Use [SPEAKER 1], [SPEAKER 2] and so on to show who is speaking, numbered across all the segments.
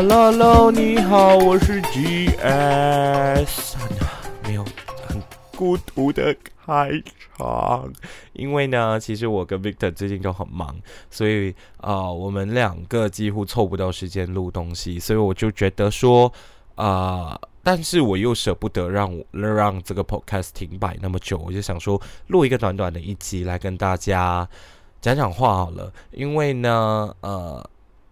[SPEAKER 1] Hello，你好，我是 GS。沒有很孤獨的開場，因為呢，其實我跟 Victor 最近都很忙，所以啊、呃，我們兩個幾乎湊不到時間錄東西，所以我就覺得說，啊、呃，但是我又捨不得讓讓這個 Podcast 停擺那麼久，我就想說錄一個短短的一集來跟大家講講話好了，因為呢，呃。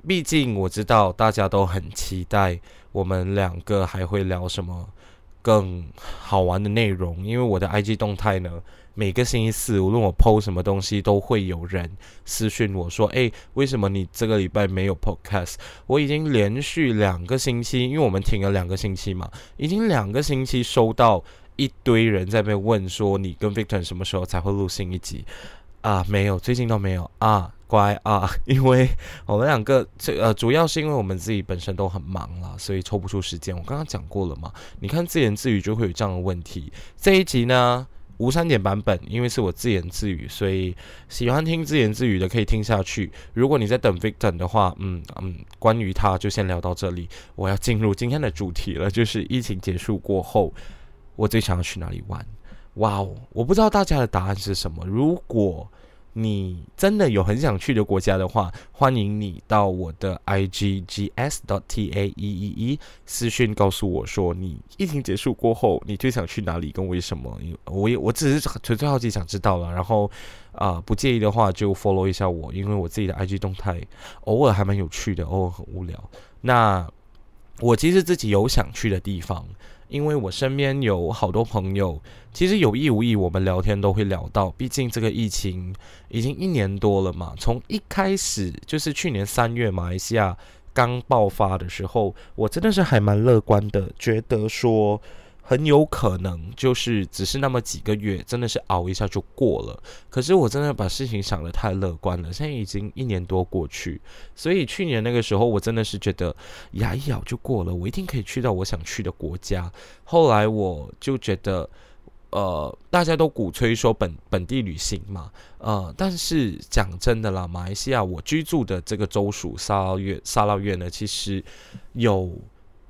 [SPEAKER 1] 畢竟我知道大家都很期待我們兩個還會聊什麼更好玩的內容，因為我的 IG 動態呢，每個星期四無論我 PO 什麼東西，都會有人私訊我說：“哎，為什麼你這個禮拜沒有 Podcast？” 我已經連續兩個星期，因為我們停了兩個星期嘛，已經兩個星期收到一堆人在那邊問說：“你跟 Victor 什麼時候才會錄新一集？”啊，沒有，最近都沒有啊。乖啊，因為我們兩個這呃，主要是因為我們自己本身都很忙了，所以抽不出時間。我剛剛講過了嘛，你看自言自語就會有這樣的問題。這一集呢，無刪減版本，因為是我自言自語，所以喜歡聽自言自語的可以聽下去。如果你在等 Victor 的話，嗯嗯，關於他就先聊到這裡。我要進入今天的主題了，就是疫情結束過後，我最想要去哪裡玩？哇哦，我不知道大家的答案是什麼。如果你真的有很想去的國家的話，歡迎你到我的 i g g s dot t a e e e 私訊告訴我說，你疫情結束過後，你最想去哪裡，跟為什麼？我也我只是純粹好奇想知道了。然後啊、呃，不介意的話就 follow 一下我，因為我自己的 i g 動態偶爾還蠻有趣的，偶爾很無聊。那我其實自己有想去的地方。因為我身邊有好多朋友，其實有意無意，我們聊天都會聊到，畢竟這個疫情已經一年多了嘛。從一開始就是去年三月馬來西亞剛爆發的時候，我真的是還蠻樂觀的，覺得說，很有可能就是只是那麼幾個月，真的是熬一下就過了。可是我真的把事情想得太樂觀了，現在已經一年多過去，所以去年那個時候我真的是覺得牙一咬就過了，我一定可以去到我想去的國家。後來我就覺得，呃，大家都鼓吹說本本地旅行嘛，呃，但是講真的啦，馬來西亞我居住的這個州屬沙拉越，沙撈越呢其實有。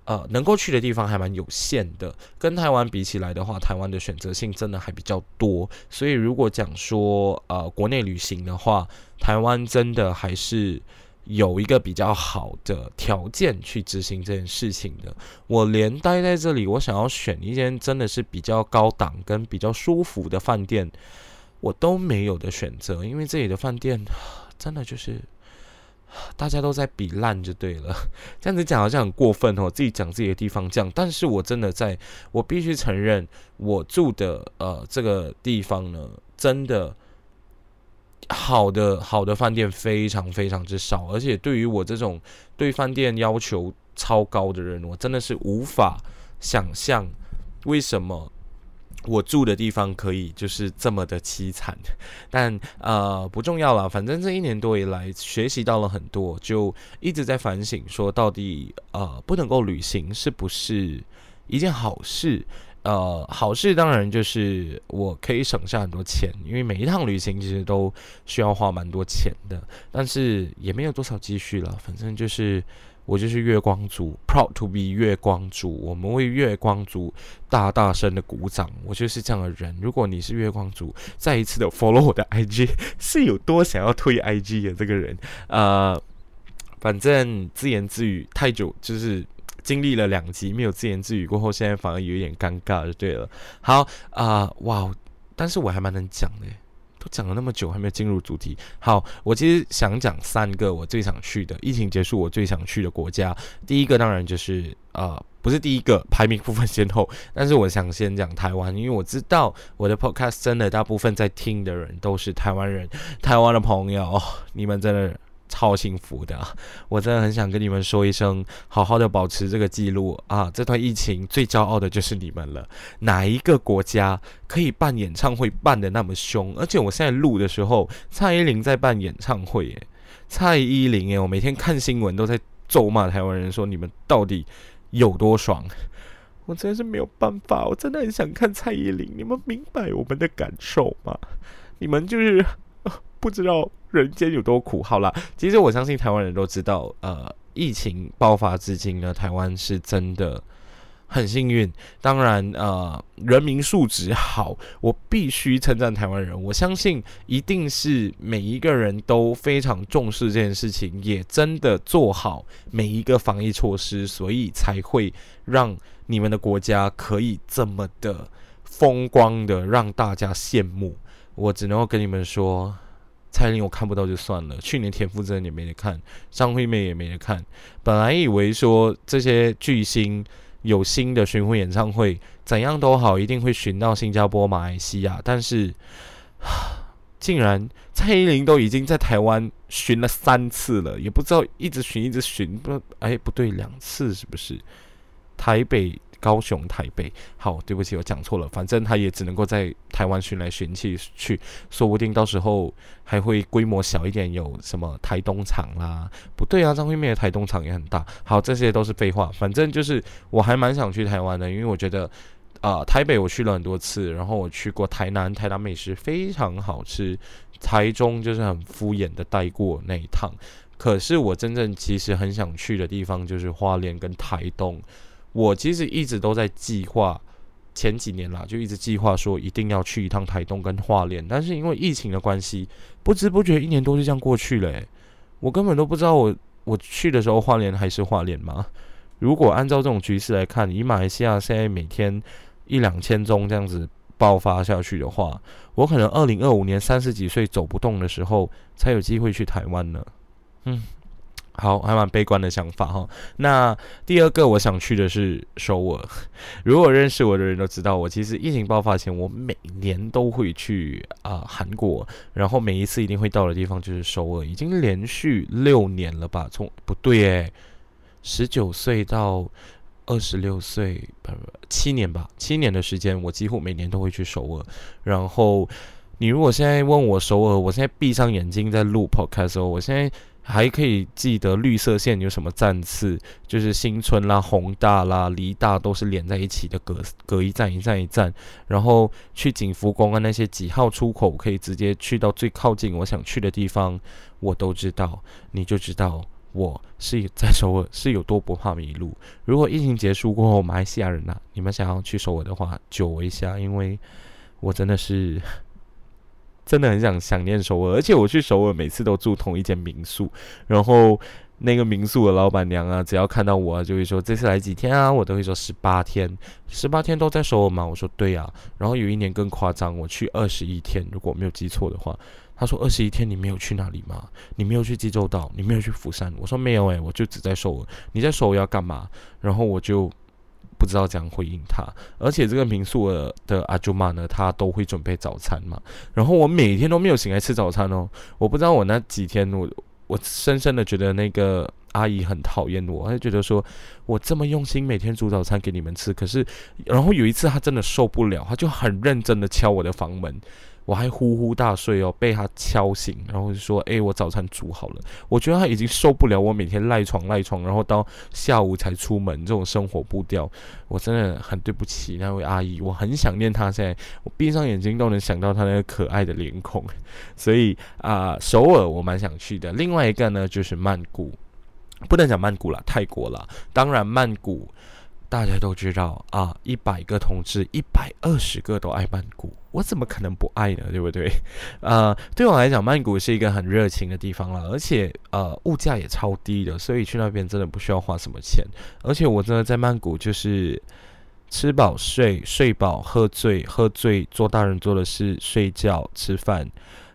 [SPEAKER 1] 呃，能夠去的地方還蠻有限的。跟台灣比起來的話，台灣的選擇性真的還比較多。所以如果講說呃國內旅行的話，台灣真的還是有一個比較好的條件去執行這件事情的。我連待在這裡，我想要選一間真的是比較高檔跟比較舒服的飯店，我都沒有的選擇，因為這裡的飯店真的就是。大家都在比爛就對了，這樣子講好像很過分哦，自己講自己的地方這樣，但是我真的在，我必須承認，我住的呃這個地方呢，真的好的好的飯店非常非常之少，而且對於我這種對飯店要求超高的人，我真的是無法想象為什麼。我住的地方可以就是這麼的淒慘，但呃不重要了，反正這一年多以來學習到了很多，就一直在反省說到底呃不能夠旅行是不是一件好事？呃好事當然就是我可以省下很多錢，因為每一趟旅行其實都需要花蠻多錢的，但是也沒有多少積蓄了，反正就是。我就是月光族，Proud to be 月光族，我們為月光族大大聲的鼓掌。我就是這樣的人。如果你是月光族，再一次的 Follow 我的 IG，是有多想要推 IG 的這個人，呃，反正自言自語太久，就是經歷了兩集沒有自言自語過後，現在反而有點尷尬，就對了。好啊、呃，哇，但是我還蠻能講的、欸。我講了那麼久還沒有進入主題，好，我其實想講三個我最想去的，疫情結束我最想去的國家。第一個當然就是呃，不是第一個，排名不分先後，但是我想先講台灣，因為我知道我的 podcast 真的大部分在聽的人都是台灣人，台灣的朋友，你們真的。超幸福的，啊，我真的很想跟你們說一聲，好好的保持這個記錄啊！這段疫情最驕傲的就是你們了。哪一個國家可以辦演唱會辦得那麼凶？而且我現在錄的時候，蔡依林在辦演唱會，欸，蔡依林耶，欸！我每天看新聞都在咒罵台灣人，說你們到底有多爽？我真的是沒有辦法，我真的很想看蔡依林。你們明白我們的感受嗎？你們就是。不知道人間有多苦。好了，其實我相信台灣人都知道。呃，疫情爆發至今呢，台灣是真的很幸運。當然，呃，人民素質好，我必須稱讚台灣人。我相信一定是每一個人都非常重視這件事情，也真的做好每一個防疫措施，所以才會讓你們的國家可以這麼的風光的讓大家羨慕。我只能夠跟你們說。蔡依林我看不到就算了，去年田馥甄也沒得看，張惠妹也沒得看。本來以為說這些巨星有新的巡迴演唱會，怎樣都好，一定會巡到新加坡、馬來西亞，但是竟然蔡依林都已經在台灣巡了三次了，也不知道一直巡一直巡，不知道，哎，不對，兩次是不是？台北。高雄、台北，好，對不起，我講錯了。反正他也只能夠在台灣巡來巡去去，說不定到時候還會規模小一點。有什麼台東場啦，不對啊，張惠妹的台東場也很大。好，這些都是廢話。反正就是，我還蠻想去台灣的，因為我覺得啊、呃，台北我去了很多次，然後我去過台南，台南美食非常好吃。台中就是很敷衍的帶過那一趟。可是我真正其實很想去的地方就是花蓮跟台東。我其實一直都在計劃，前幾年啦，就一直計劃說一定要去一趟台東跟花蓮，但是因為疫情的關係，不知不覺一年多就這樣過去了，欸。我根本都不知道我我去的時候花蓮還是花蓮嗎？如果按照這種局勢來看，以馬來西亞現在每天一兩千宗這樣子爆發下去的話，我可能二零二五年三十幾歲走不動的時候，才有機會去台灣呢。嗯。好，還蠻悲觀的想法哈。那第二個我想去的是首爾。如果認識我的人都知道，我其實疫情爆發前，我每年都會去啊韓國。然後每一次一定會到的地方就是首爾，已經連續六年了吧？從，不對耶，十九歲到二十六歲，不，七年吧？七年的時間，我幾乎每年都會去首爾。然後你如果現在問我首爾，我現在閉上眼睛在錄 podcast。我現在。還可以記得綠色線有什麼站次，就是新村啦、宏大啦、梨大都是連在一起的隔，隔隔一站、一站、一站。然後去景福宮啊，那些幾號出口可以直接去到最靠近我想去的地方，我都知道。你就知道我是在首爾是有多不怕迷路。如果疫情結束過後，馬來西亞人吶、啊，你們想要去首爾的話，久違一下，因為我真的是。真的很想想念首爾，而且我去首爾每次都住同一間民宿，然後那個民宿的老闆娘啊，只要看到我啊，就會說這次來幾天啊，我都會說十八天，十八天都在首爾嗎？我說對呀。然後有一年更誇張，我去二十一天，如果我沒有記錯的話，他說二十一天你沒有去哪裡嗎？你沒有去濟州島，你沒有去釜山，我說沒有欸，我就只在首爾，你在首爾要幹嘛？然後我就。不知道怎樣回應他，而且這個民宿的阿珠媽呢，她都會準備早餐嘛。然後我每天都沒有醒來吃早餐哦，我不知道我那幾天我，我我深深的覺得那個。阿姨很討厭我，她覺得說我這麼用心，每天煮早餐給你們吃。可是，然後有一次她真的受不了，她就很認真的敲我的房門，我還呼呼大睡哦，被她敲醒，然後就說：“欸，我早餐煮好了。”我覺得她已經受不了我每天賴床賴床，然後到下午才出門這種生活步調。我真的很對不起那位阿姨，我很想念她。現在我閉上眼睛都能想到她那個可愛的臉孔。所以啊，首爾我蠻想去的，另外一個呢就是曼谷。不能講曼谷啦，泰國啦。當然，曼谷大家都知道啊，一百個同志，一百二十個都愛曼谷，我怎麼可能不愛呢？對不對？呃，對我來講，曼谷是一個很熱情的地方啦，而且呃，物價也超低的，所以去那邊真的不需要花什麼錢。而且我真的在曼谷就是吃飽睡，睡飽喝醉，喝醉做大人做的事：睡覺、吃飯、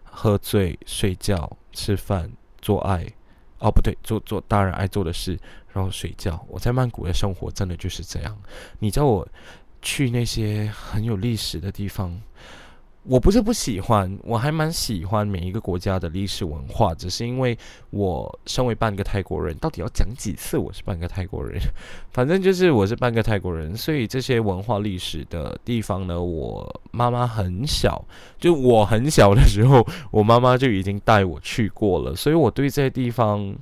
[SPEAKER 1] 喝醉、睡覺、吃飯、吃飯、做愛。哦，不對，做做大人愛做的事，然後睡覺。我在曼谷的生活真的就是這樣。你叫我我去那些很有歷史的地方，我不是不喜歡，我還蠻喜歡每一個國家的歷史文化，只是因為我身為半個泰國人，到底要講幾次我是半個泰國人？反正就是我是半個泰國人，所以這些文化歷史的地方呢，我媽媽很小，就我很小的時候，我媽媽就已經帶我去過了，所以我對這些地方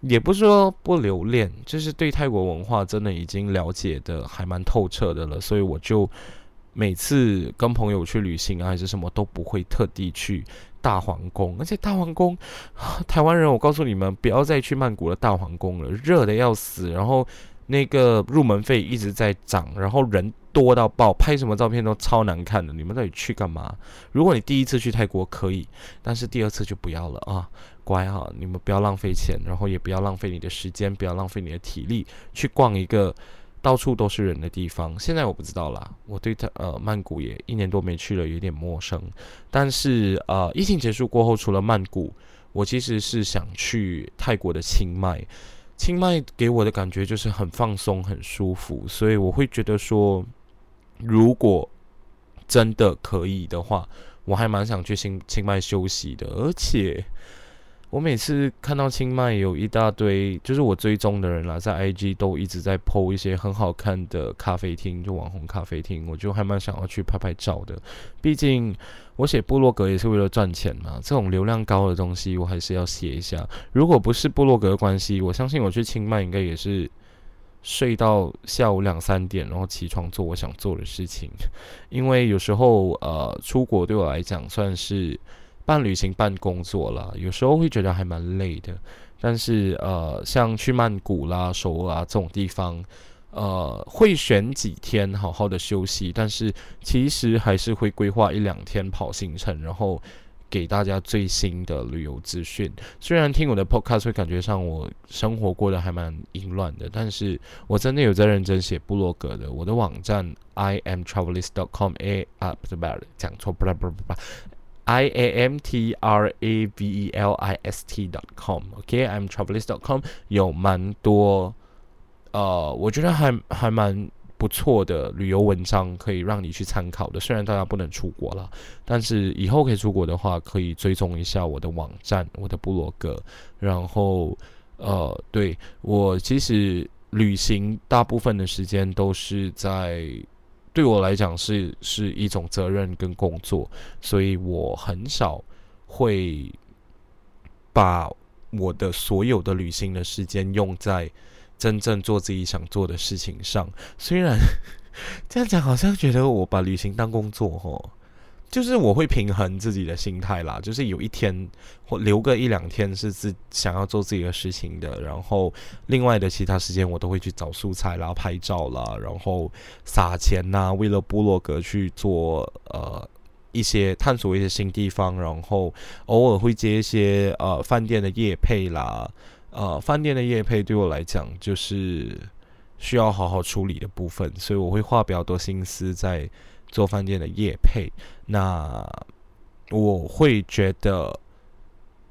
[SPEAKER 1] 也不是說不留戀，就是對泰國文化真的已經了解得還蠻透徹的了，所以我就。每次跟朋友去旅行啊，還是什麼都不會特地去大皇宮，而且大皇宮，啊，台灣人，我告訴你們，不要再去曼谷的大皇宮了，熱得要死，然後那個入門費一直在漲，然後人多到爆，拍什麼照片都超難看的，你們到底去幹嘛？如果你第一次去泰國可以，但是第二次就不要了啊，乖哈，啊，你們不要浪費錢，然後也不要浪費你的時間，不要浪費你的體力去逛一個。到處都是人的地方，現在我不知道啦。我對他呃曼谷也一年多沒去了，有點陌生。但是呃，疫情結束過後，除了曼谷，我其實是想去泰國的清邁。清邁給我的感覺就是很放鬆、很舒服，所以我會覺得說，如果真的可以的話，我還蠻想去清清邁休息的。而且。我每次看到清邁有一大堆，就是我追蹤的人啦，在 IG 都一直在 po 一些很好看的咖啡廳，就網紅咖啡廳，我就還蠻想要去拍拍照的。畢竟我寫部落格也是為了賺錢嘛，這種流量高的東西我還是要寫一下。如果不是部落格的關係，我相信我去清邁應該也是睡到下午兩三點，然後起床做我想做的事情。因為有時候呃，出國對我來講算是。半旅行半工作了，有時候會覺得還蠻累的。但是呃，像去曼谷啦、首爾啊這種地方，呃，會選幾天好好的休息。但是其實還是會規劃一兩天跑行程，然後給大家最新的旅遊資訊。雖然聽我的 podcast 會感覺上我生活過得還蠻淫亂的，但是我真的有在認真寫部落格的。我的網站 i am travelist dot com a，哎、啊不對，講錯，不啦不啦不啦。i a m t r a v e l i s t dot com，okay，i'm travelist dot com 有蠻多，呃，我覺得還還蠻不錯的旅遊文章可以讓你去參考的。雖然大家不能出國了，但是以後可以出國的話，可以追蹤一下我的網站，我的部落格。然後，呃，對，我其實旅行大部分的時間都是在。對我來講是是一種責任跟工作，所以我很少會把我的所有的旅行的時間用在真正做自己想做的事情上。雖然這樣講，好像覺得我把旅行當工作哦。就是我會平衡自己的心態啦，就是有一天或留個一兩天是自想要做自己的事情的，然後另外的其他時間我都會去找素材啦、拍照啦，然後撒錢吶、啊，為了部落格去做呃一些探索一些新地方，然後偶爾會接一些呃飯店的業配啦，呃飯店的業配對我來講就是需要好好處理的部分，所以我會花比較多心思在。做飯店的業配。那我會覺得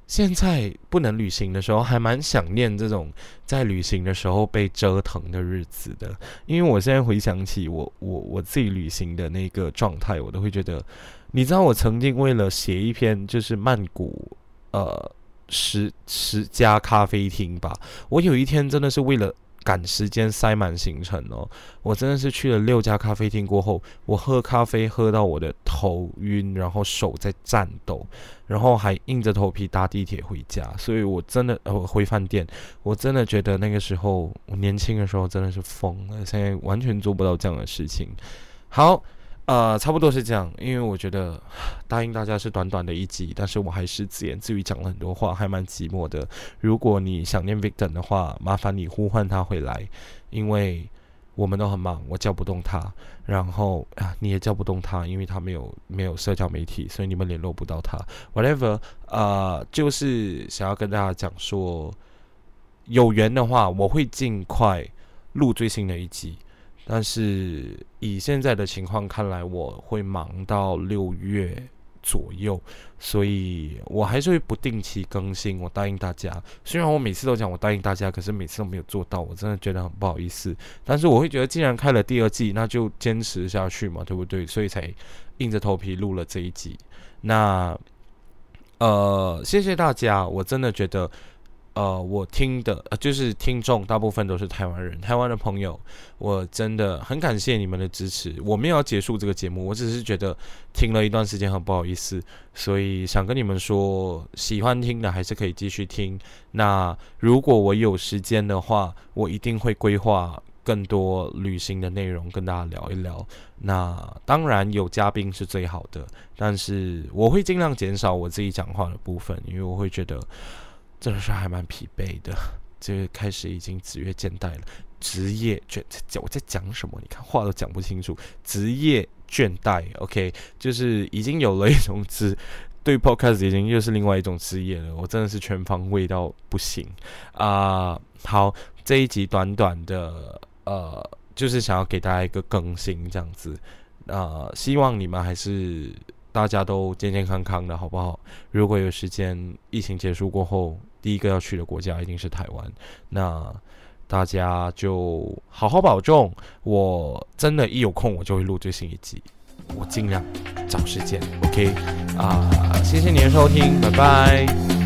[SPEAKER 1] 現在不能旅行的時候，還蠻想念這種在旅行的時候被折騰的日子的。因為我現在回想起我我我自己旅行的那個狀態，我都會覺得，你知道，我曾經為了寫一篇就是曼谷呃十十家咖啡廳吧，我有一天真的是為了。趕時間塞滿行程哦，我真的是去了六家咖啡廳過後，我喝咖啡喝到我的頭暈，然後手在顫抖，然後還硬着頭皮搭地鐵回家，所以我真的，我、呃、回飯店，我真的覺得那個時候我年輕的時候真的是瘋了，現在完全做不到這樣的事情。好。呃，差不多是這樣，因為我覺得答應大家是短短的一集，但是我還是自言自語講了很多話，還蠻寂寞的。如果你想念 Victim 的話，麻煩你呼喚他回來，因為我們都很忙，我叫不動他，然後啊你也叫不動他，因為他沒有沒有社交媒體，所以你們聯絡不到他。Whatever，呃，就是想要跟大家講說，有緣的話我會儘快錄最新的一集。但是以現在的情況看來，我會忙到六月左右，所以我還是會不定期更新。我答應大家，雖然我每次都講我答應大家，可是每次都沒有做到，我真的覺得很不好意思。但是我會覺得，既然開了第二季，那就堅持下去嘛，對不對？所以才硬着頭皮錄了這一集。那呃，謝謝大家，我真的覺得。呃，我聽的，呃，就是聽眾大部分都是台灣人、台灣的朋友，我真的很感謝你們的支持。我沒有要結束這個節目，我只是覺得聽了一段時間很不好意思，所以想跟你們說，喜歡聽的還是可以繼續聽。那如果我有時間的話，我一定會規劃更多旅行的內容跟大家聊一聊。那當然有嘉賓是最好的，但是我會盡量減少我自己講話的部分，因為我會覺得。真的是還蠻疲憊的，就開始已經職業倦怠了。職業倦，我在講什麼？你看話都講不清楚。職業倦怠，OK，就是已經有了一種職。對，Podcast 已經又是另外一種職業了。我真的是全方位到不行啊、呃！好，這一集短短的，呃，就是想要給大家一個更新，這樣子，呃，希望你們還是。大家都健健康康的，好不好？如果有時間，疫情結束過後，第一個要去的國家一定是台灣。那大家就好好保重。我真的一有空我就會錄最新一集，我盡量找時間。OK 啊、呃，謝謝你的收聽，拜拜。